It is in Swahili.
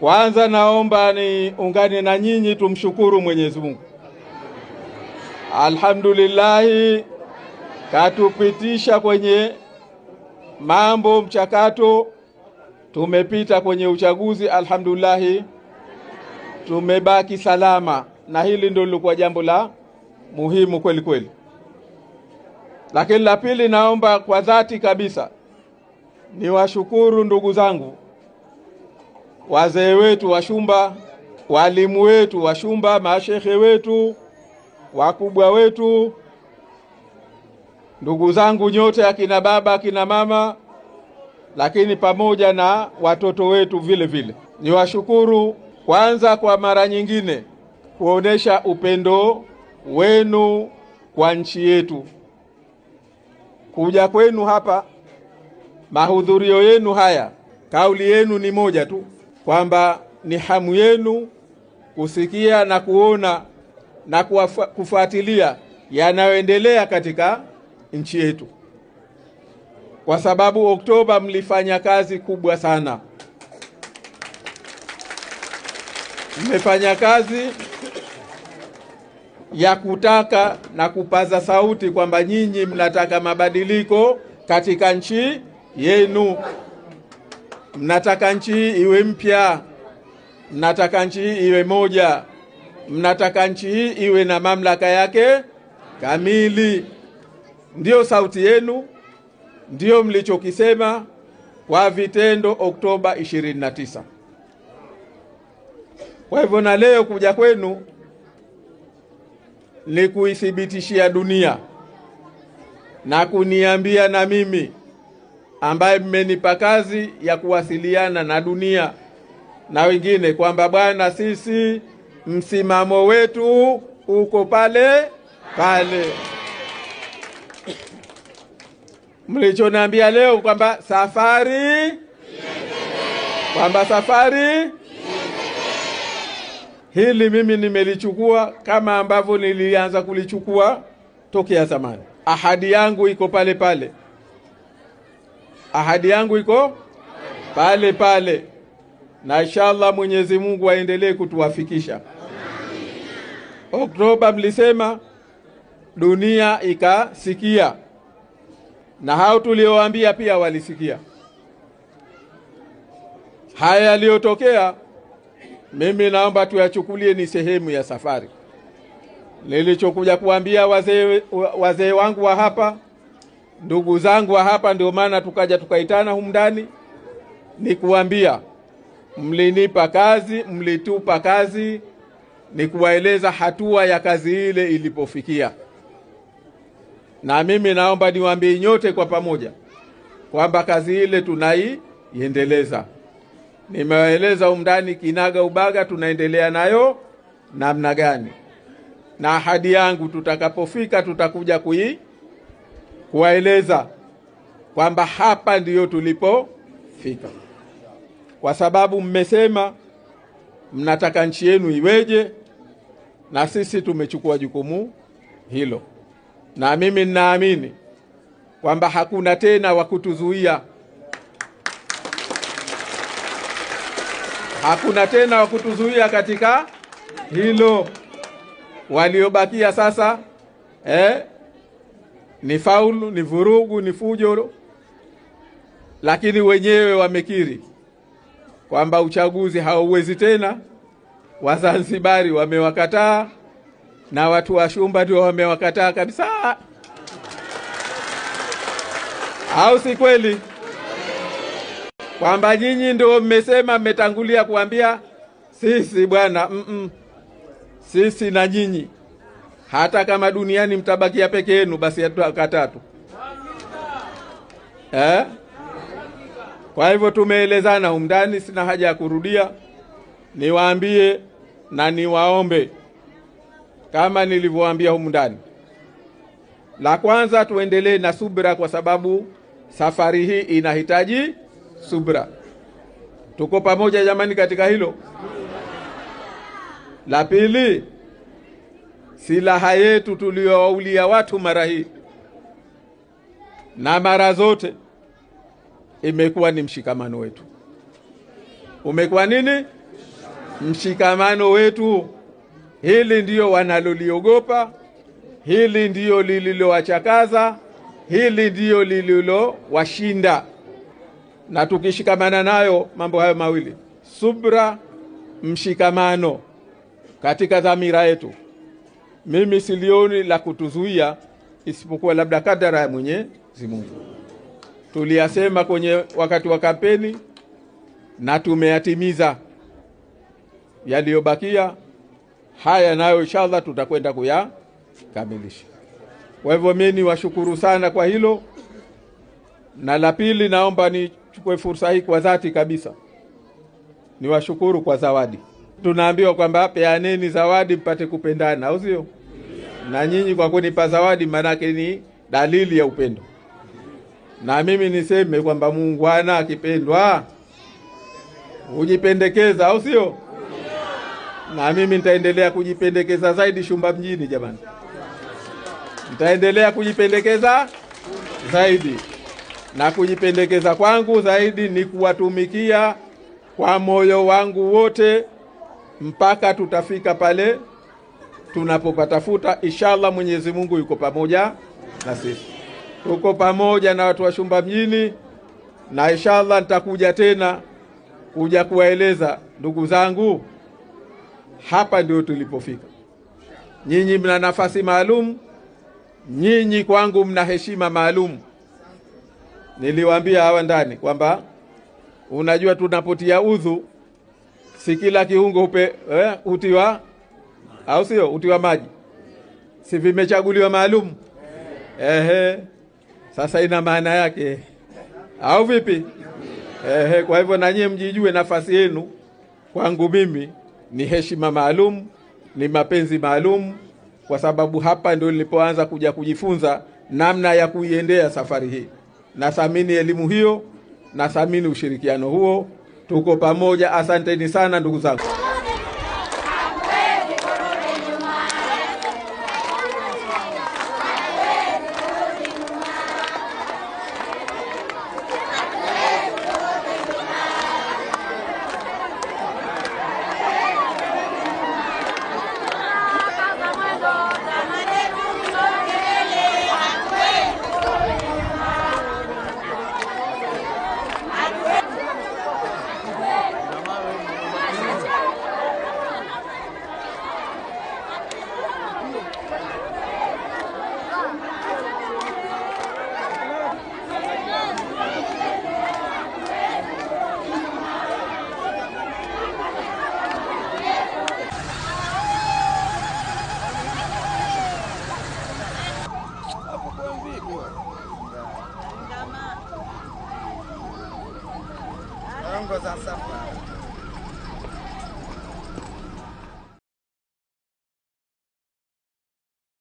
Kwanza naomba niungane na nyinyi tumshukuru Mwenyezi Mungu. Alhamdulillah katupitisha kwenye mambo mchakato, tumepita kwenye uchaguzi alhamdulillah, tumebaki salama, na hili ndio lilikuwa jambo la muhimu kweli kweli. Lakini la pili, naomba kwa dhati kabisa niwashukuru ndugu zangu wazee wetu washumba, walimu wetu washumba, mashehe wetu, wakubwa wetu, ndugu zangu nyote, akina baba, akina mama, lakini pamoja na watoto wetu vile vile, niwashukuru kwanza kwa mara nyingine kuonesha upendo wenu kwa nchi yetu. Kuja kwenu hapa, mahudhurio yenu haya, kauli yenu ni moja tu, kwamba ni hamu yenu kusikia na kuona na kufuatilia yanayoendelea katika nchi yetu, kwa sababu Oktoba mlifanya kazi kubwa sana, mmefanya kazi ya kutaka na kupaza sauti kwamba nyinyi mnataka mabadiliko katika nchi yenu. Mnataka nchi hii iwe mpya, mnataka nchi hii iwe moja, mnataka nchi hii iwe na mamlaka yake kamili. Ndiyo sauti yenu, ndiyo mlichokisema kwa vitendo Oktoba 29. Kwa hivyo na leo kuja kwenu ni kuithibitishia dunia na kuniambia na mimi ambaye mmenipa kazi ya kuwasiliana na dunia na wengine kwamba bwana, sisi msimamo wetu uko pale pale. Mlichoniambia leo kwamba safari kwamba safari hili mimi nimelichukua kama ambavyo nilianza kulichukua tokea zamani. Ahadi yangu iko pale pale ahadi yangu iko pale pale, na inshallah Mwenyezi Mungu aendelee kutuwafikisha. Oktoba mlisema dunia ikasikia, na hao tuliowaambia pia walisikia. Haya yaliyotokea, mimi naomba tuyachukulie ni sehemu ya safari. Nilichokuja kuambia wazee wazee wangu wa hapa ndugu zangu wa hapa, ndio maana tukaja tukaitana humu ndani, ni kuambia mlinipa kazi, mlitupa kazi, ni kuwaeleza hatua ya kazi ile ilipofikia. Na mimi naomba niwaambie nyote kwa pamoja kwamba kazi ile tunaiendeleza. Nimewaeleza humu ndani kinaga ubaga tunaendelea nayo namna gani, na ahadi yangu tutakapofika tutakuja kui kuwaeleza kwamba hapa ndiyo tulipofika, kwa sababu mmesema mnataka nchi yenu iweje, na sisi tumechukua jukumu hilo, na mimi ninaamini kwamba hakuna tena wa kutuzuia, hakuna tena wa kutuzuia katika hilo. Waliobakia sasa eh, ni faulu, ni vurugu, ni fujo, lakini wenyewe wamekiri kwamba uchaguzi hauwezi tena. Wazanzibari wamewakataa na watu wa Shumba ndio wamewakataa kabisa, au si kweli? Kwamba nyinyi ndio mmesema, mmetangulia kuambia sisi bwana, mm -mm. sisi na nyinyi hata kama duniani mtabakia peke yenu, basi katatu eh? Kwa hivyo tumeelezana umndani, sina haja ya kurudia. Niwaambie na niwaombe kama nilivyowaambia humu ndani. La kwanza, tuendelee na subra, kwa sababu safari hii inahitaji subra. Tuko pamoja jamani katika hilo? La pili silaha yetu tuliyowaulia watu mara hii na mara zote imekuwa ni mshikamano wetu. Umekuwa nini? Mshikamano wetu. Hili ndiyo wanaloliogopa, hili ndiyo lililowachakaza, hili ndiyo lililowashinda. Na tukishikamana nayo mambo hayo mawili, subra, mshikamano katika dhamira yetu mimi silioni la kutuzuia isipokuwa labda kadara ya Mwenyezi Mungu. Tuliyasema kwenye wakati wa kampeni na tumeyatimiza. Yaliyobakia haya nayo inshallah tutakwenda kuyakamilisha. Kwa hivyo mimi niwashukuru sana kwa hilo, na la pili, naomba nichukue fursa hii kwa dhati kabisa niwashukuru kwa zawadi tunaambiwa kwamba peaneni zawadi mpate kupendana, au sio? Na nyinyi kwa kunipa zawadi, maanake ni dalili ya upendo. Na mimi niseme kwamba muungwana akipendwa hujipendekeza, au sio? Na mimi nitaendelea kujipendekeza zaidi Shumba mjini, jamani, nitaendelea kujipendekeza zaidi, na kujipendekeza kwangu zaidi ni kuwatumikia kwa moyo wangu wote mpaka tutafika pale tunapopatafuta. Inshallah, Mwenyezi Mungu yuko pamoja na sisi, tuko pamoja na watu wa Shumba mjini, na inshallah nitakuja tena kuja kuwaeleza ndugu zangu, hapa ndio tulipofika. Nyinyi mna nafasi maalum, nyinyi kwangu mna heshima maalum. Niliwaambia hawa ndani kwamba unajua, tunapotia udhu si kila kiungo hupe eh, utiwa au sio utiwa maji, si vimechaguliwa maalum ehe. Sasa ina maana yake au vipi? Ehe, kwa hivyo nanyie mjijue nafasi yenu. Kwangu mimi ni heshima maalum, ni mapenzi maalum, kwa sababu hapa ndio nilipoanza kuja kujifunza namna ya kuiendea safari hii. Nathamini elimu hiyo, nathamini ushirikiano huo. Tuko pamoja, asanteni sana ndugu zangu. vamos